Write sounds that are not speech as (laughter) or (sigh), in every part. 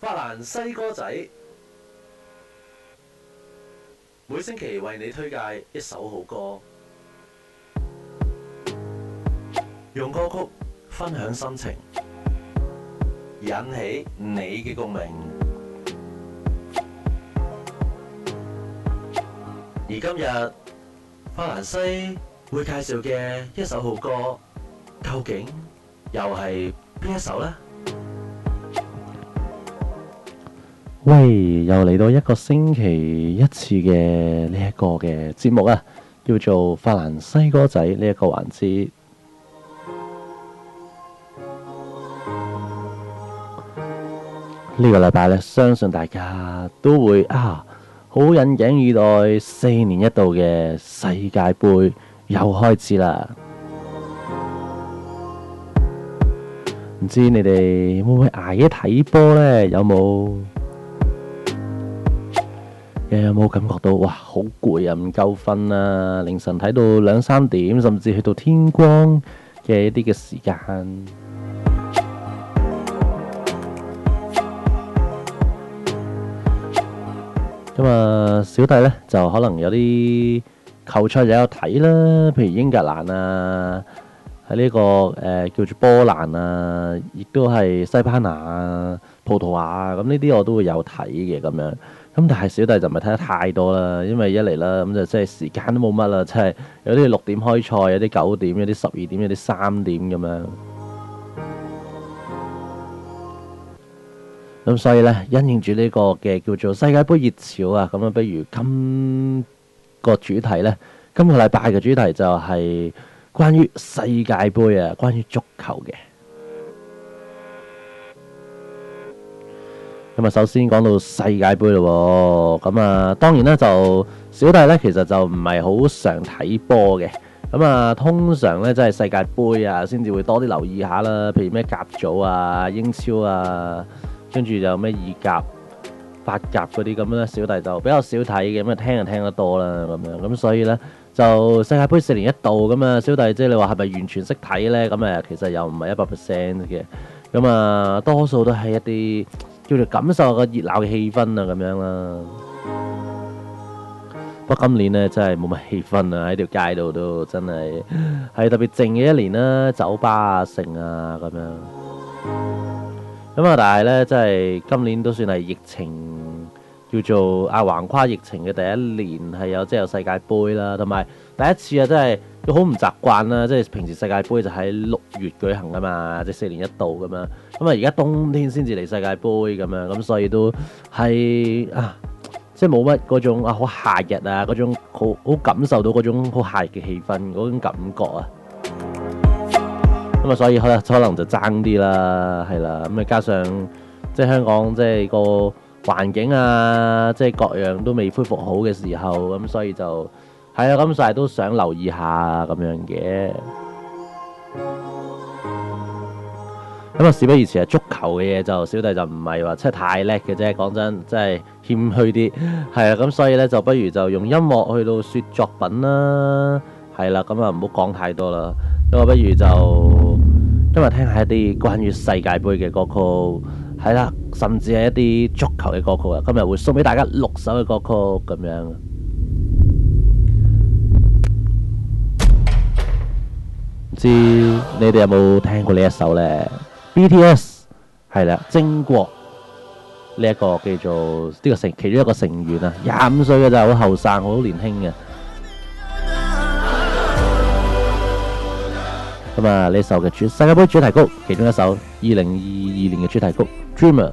法蘭西歌仔每星期為你推介一首好歌，用歌曲分享心情，引起你嘅共鳴。而今日法蘭西會介紹嘅一首好歌，究竟又係邊一首呢？喂，又嚟到一個星期一次嘅呢一個嘅節目啊，叫做法蘭西歌仔呢一、呢個環節。 (music) 呢個、呢個禮拜咧，相信大家都會啊，好引頸以待四年一度嘅世界盃又開始啦。唔知你哋會唔會捱夜睇波咧？有冇？有冇感覺到哇？好攰啊，唔夠瞓啊！凌晨睇到兩三點，甚至去到天光嘅一啲嘅時間。咁啊，小弟呢，就可能有啲球賽有睇啦，譬如英格蘭啊，喺呢個、這個誒、呃、叫做波蘭啊，亦都係西班牙啊、葡萄牙啊，咁呢啲我都會有睇嘅咁樣。咁但係小弟就唔係睇得太多啦，因為一嚟啦，咁就即係時間都冇乜啦，即係有啲六點開賽，有啲九點，有啲十二點，有啲三點咁樣。咁、嗯、所以呢，因應住呢個嘅叫做世界盃熱潮啊！咁啊，不如今個主題呢，今個禮拜嘅主題就係關於世界盃啊，關於足球嘅。咁啊，首先講到世界盃咯喎，咁啊，當然啦，就小弟呢，其實就唔係好常睇波嘅，咁啊，通常呢，即係世界盃啊，先至會多啲留意下啦。譬如咩甲組啊、英超啊，跟住就咩意甲、法甲嗰啲咁咧，小弟就比較少睇嘅。咁啊，聽就聽得多啦咁樣。咁所以呢，就世界盃四年一度咁啊，小弟即係你話係咪完全識睇呢？咁啊，其實又唔係一百 percent 嘅，咁啊，多數都係一啲。叫做感受個熱鬧嘅氣氛啊，咁樣啦。不過今年呢，真係冇乜氣氛啊，喺條街度都真係係特別靜嘅一年啦、啊。酒吧啊，城啊咁樣。咁啊，但係呢，真係今年都算係疫情叫做啊橫跨疫情嘅第一年，係有即係、就是、有世界盃啦、啊，同埋第一次啊，真係。都好唔習慣啦，即係平時世界盃就喺六月舉行㗎嘛，即係四年一度㗎嘛，咁啊而家冬天先至嚟世界盃咁樣，咁所以都係啊，即係冇乜嗰種啊好夏日啊嗰種好好感受到嗰種好夏日嘅氣氛嗰種感覺啊，咁啊所以可能可能就爭啲啦，係啦，咁啊加上即係香港即係個環境啊，即係各樣都未恢復好嘅時候，咁所以就。係啊，咁晒都想留意一下咁樣嘅。咁啊，事不宜遲啊，足球嘅嘢就小弟就唔係話真係太叻嘅啫，講真，真係謙虛啲。係啊，咁所以呢，就不如就用音樂去到説作品啦。係啦、啊，咁啊唔好講太多啦。咁啊不如就今日聽一下一啲關於世界盃嘅歌曲，係啦、啊，甚至係一啲足球嘅歌曲啊。今日會送俾大家六首嘅歌曲咁樣。知你哋有冇聽過呢一首咧？BTS 係啦，柾國呢一個叫做呢個成其中一個成員啊，廿五歲嘅就係，好後生，好年輕嘅。咁啊，呢首嘅主世界杯主題曲，其中一首二零二二年嘅主題曲《Dreamer》。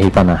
一般呢。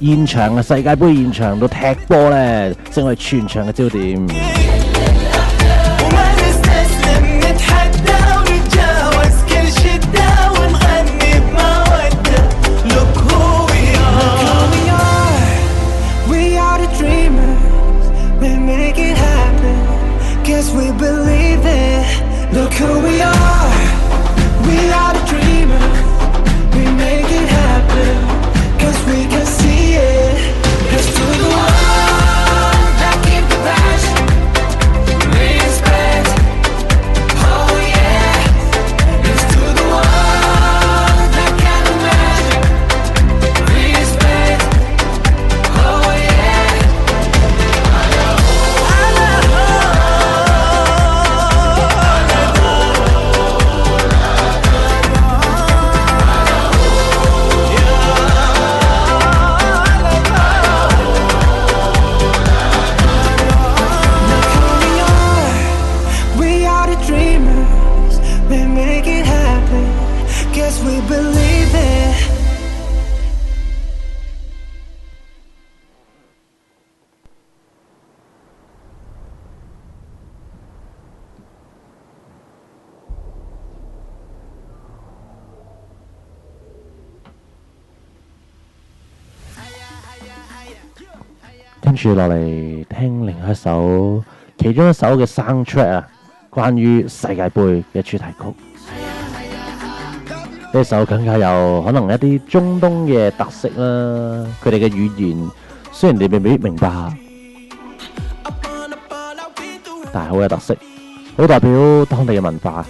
現場嘅世界盃現場到踢波咧，成為全場嘅焦點。跟住落嚟聽另一首，其中一首嘅 soundtrack 啊，關於世界盃嘅主題曲。呢首更加有可能一啲中東嘅特色啦，佢哋嘅語言雖然你未必明白，但係好有特色，好代表當地嘅文化。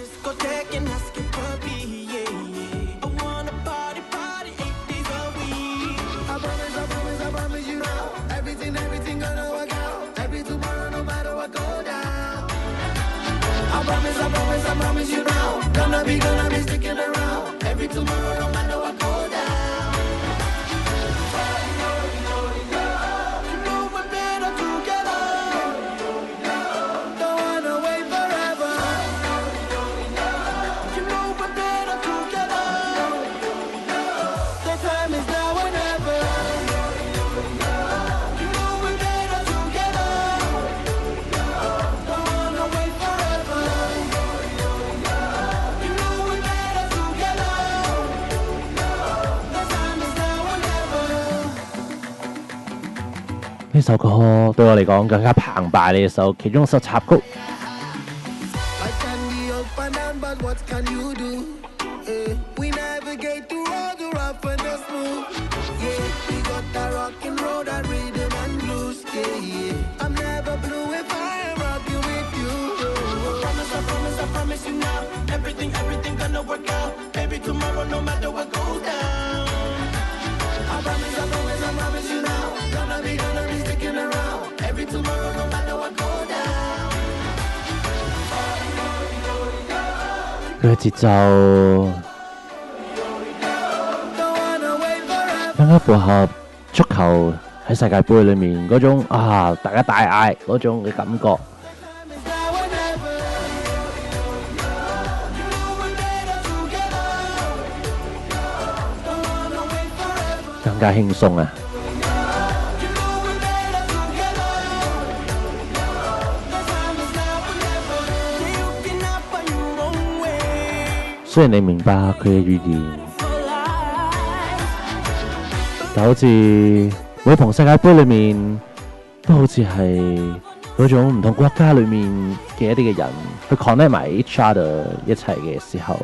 首歌對我嚟講更加澎湃你嘅。呢首其中一首插曲，嘅節奏，更加配合足球喺世界盃裏面嗰種啊，大家大嗌嗰種嘅感覺，更加輕鬆啊！雖然你明白佢嘅語言，就 (music) 好似每逢世界盃裏面，都好似係嗰種唔同國家裏面嘅一啲嘅人，去 connect 埋 each other 一齊嘅時候，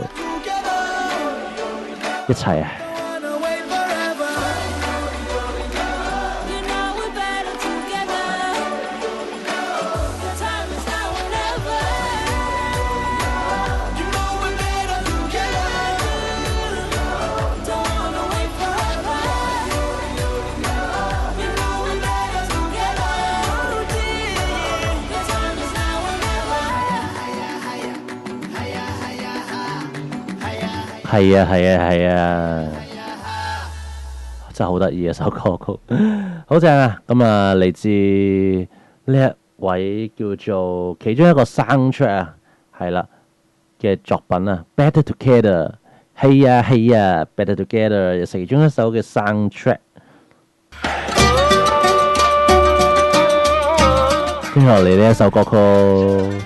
一齊啊！係啊係啊係啊，真係好得意啊首歌曲，好正啊！咁啊嚟自呢一位叫做其中一個 soundtrack 係啦嘅作品啊，Better Together，係啊係啊，Better Together，係其中一首嘅 soundtrack。聽落嚟呢首歌曲。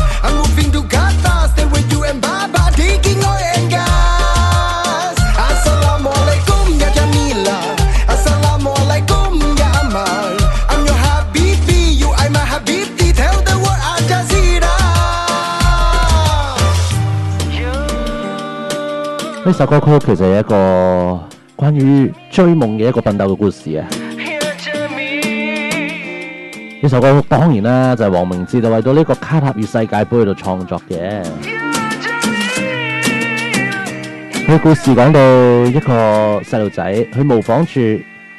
呢首歌曲其實係一個關於追夢嘅一個奮鬥嘅故事啊！呢首歌曲當然啦，就係黃明志就為到呢個卡塔爾世界盃喺度創作嘅。佢故事講到一個細路仔，佢模仿住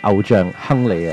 偶像亨利啊！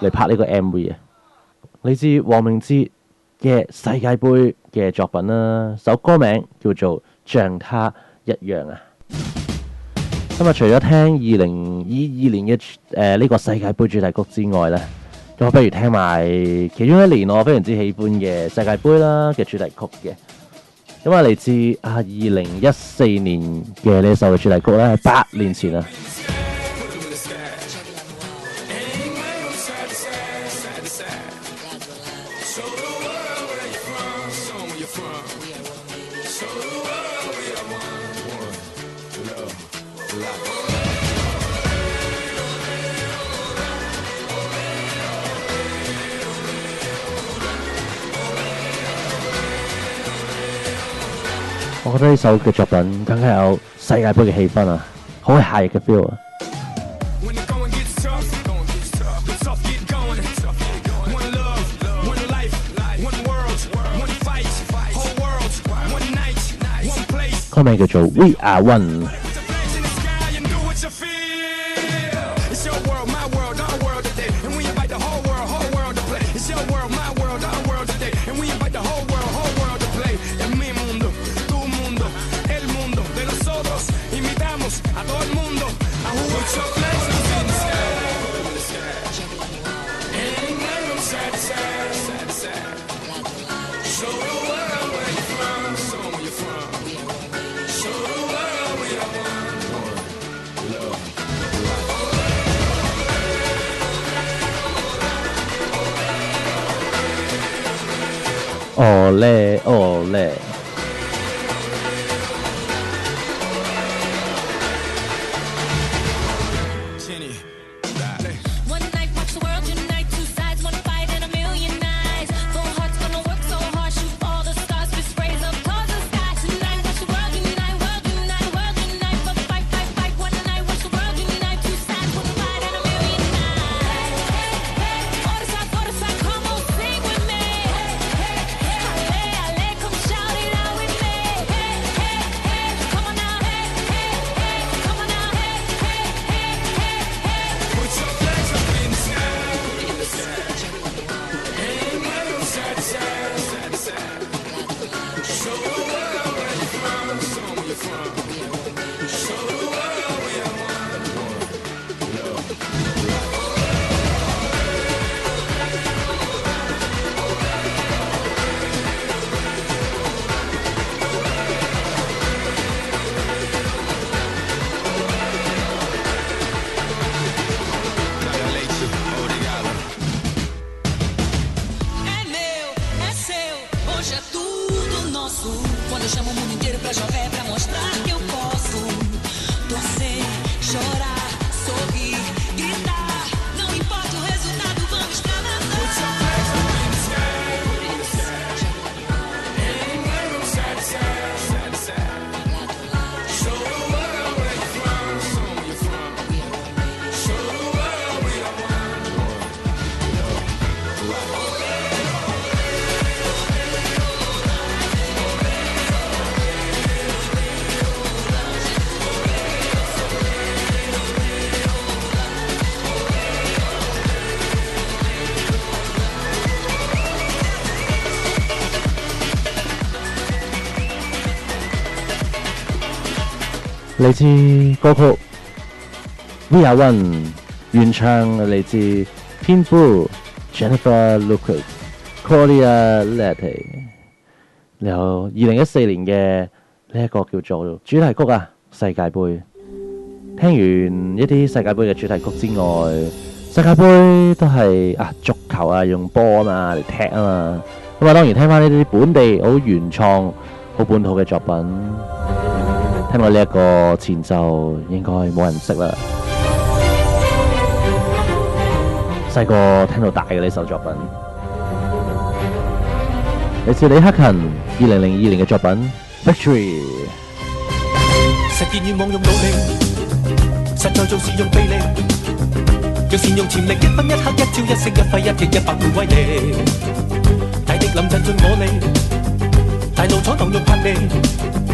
嚟拍呢個 MV 啊！你知黃明之嘅世界盃嘅作品啦，首歌名叫做《像他一樣》啊！咁日 (music) 除咗聽二零二二年嘅誒呢個世界盃主題曲之外咧，咁我不如聽埋其中一年我非常之喜歡嘅世界盃啦嘅主題曲嘅，咁啊嚟自啊二零一四年嘅呢首主題曲咧，八年前啊！我覺得呢首嘅作品更加有世界杯嘅氣氛啊，好有夏日嘅 feel 啊！下面 to to to 叫做 We Are One。哦嘞，哦嘞。嚟自歌曲《We Are One》，原唱嚟自 PitbullJennifer Lopez、Claudia Leitte。有二零一四年嘅呢一個叫做主題曲啊，世界盃。聽完一啲世界盃嘅主題曲之外，世界盃都係啊足球啊用波啊嚟踢啊嘛。咁啊，當然聽翻呢啲本地好原創、好本土嘅作品。聽過呢一個前奏，應該冇人識啦。細個聽到大嘅呢首作品，係李克勤二零零二年嘅作品《Victory》。實現願望用努力，實在做事用臂力，若善用潛力，一分一刻，一朝一夕，一揮一擊，一百倍威力。大敵臨陣盡我力，大路闖蕩用魄力。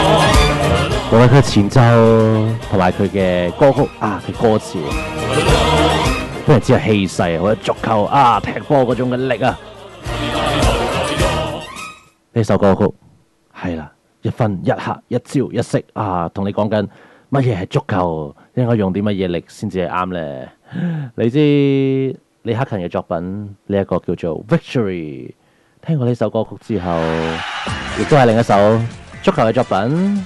我覺得佢前奏同埋佢嘅歌曲啊，佢歌詞，都係只有氣勢。或者足球啊，踢波嗰種嘅力啊，呢、啊啊啊、首歌曲係啦，一分一刻一朝一夕。啊，同你講緊乜嘢係足球，應該用啲乜嘢力先至係啱咧？你知李克勤嘅作品呢一、呢個叫做《Victory》，聽過呢首歌曲之後，亦都係另一首足球嘅作品。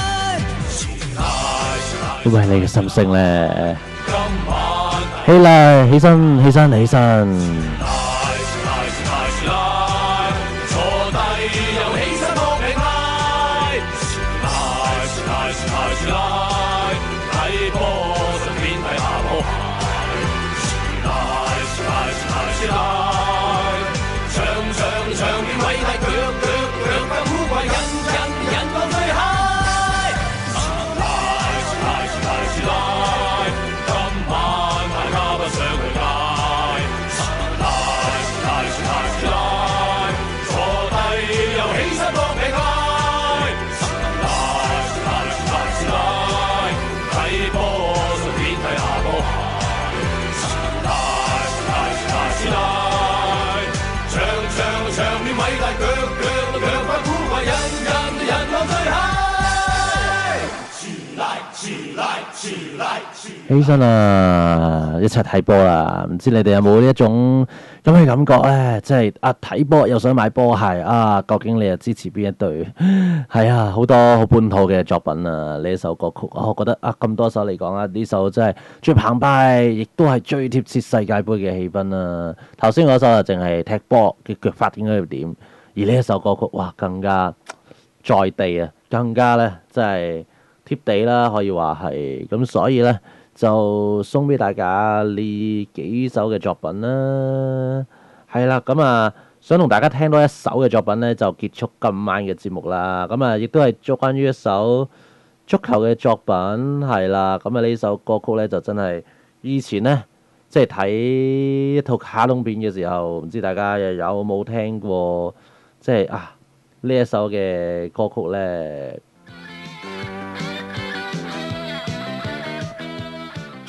不過係你嘅心聲呢。起嚟，起身，起身，起身。起起身啊！一齊睇波啦！唔知你哋有冇呢一種咁嘅感覺咧？即、哎、係啊，睇波又想買波鞋啊！究竟你又支持邊一隊？係啊，好多好本土嘅作品啊！呢一首歌曲，我覺得啊，咁多首嚟講啊，呢首真係最澎湃，亦都係最貼切世界盃嘅氣氛啊！頭先嗰首啊，淨係踢波嘅腳法應該要點？而呢一首歌曲，哇，更加在地啊，更加咧，真係貼地啦，可以話係咁，所以咧。就送俾大家呢幾首嘅作品啦，係啦，咁啊想同大家聽多一首嘅作品呢，就結束今晚嘅節目啦。咁啊，亦都係作關於一首足球嘅作品，係啦。咁啊呢首歌曲呢，就真係以前呢，即係睇一套卡通片嘅時候，唔知大家又有冇聽過，即係啊呢一首嘅歌曲呢。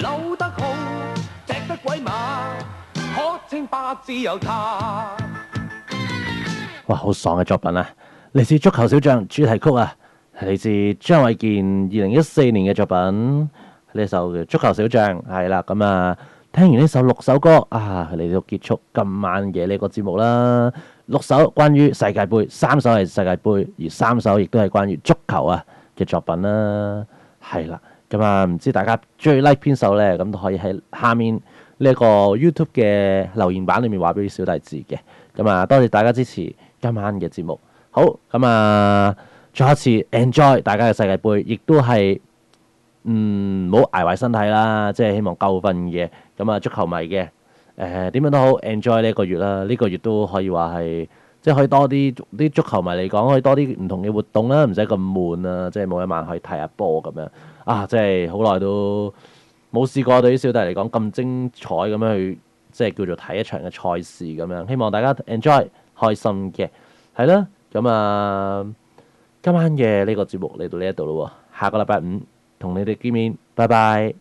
溜得好，踢得鬼馬，可稱八字有他。哇，好爽嘅作品啊！嚟自《足球小將》主題曲啊，嚟自張衛健二零一四年嘅作品呢首《足球小將》係啦。咁啊，聽完呢首六首歌啊，嚟到結束今晚嘅呢個節目啦。六首關於世界盃，三首係世界盃，而三首亦都係關於足球啊嘅作品啦，啊。係啦。咁、嗯、啊，唔知大家最 like 邊首呢？咁都可以喺下面呢個 YouTube 嘅留言板裏面話俾小弟知嘅。咁、嗯、啊，多謝大家支持今晚嘅節目。好咁啊、嗯，再一次 enjoy 大家嘅世界盃，亦都係唔好捱壞身體啦。即係希望夠瞓嘅，咁啊，足球迷嘅誒點樣都好 enjoy 呢一個月啦。呢、呢個月都可以話係即係可以多啲啲足球迷嚟講，可以多啲唔同嘅活動啦，唔使咁悶啊。即係每一晚可以睇下波咁樣。啊！即係好耐都冇試過對於小弟嚟講咁精彩，咁樣去，即係叫做睇一場嘅賽事咁樣。希望大家 enjoy，開心嘅係啦。咁啊，今晚嘅呢個節目嚟到呢一度咯。下個禮拜五同你哋見面，拜拜。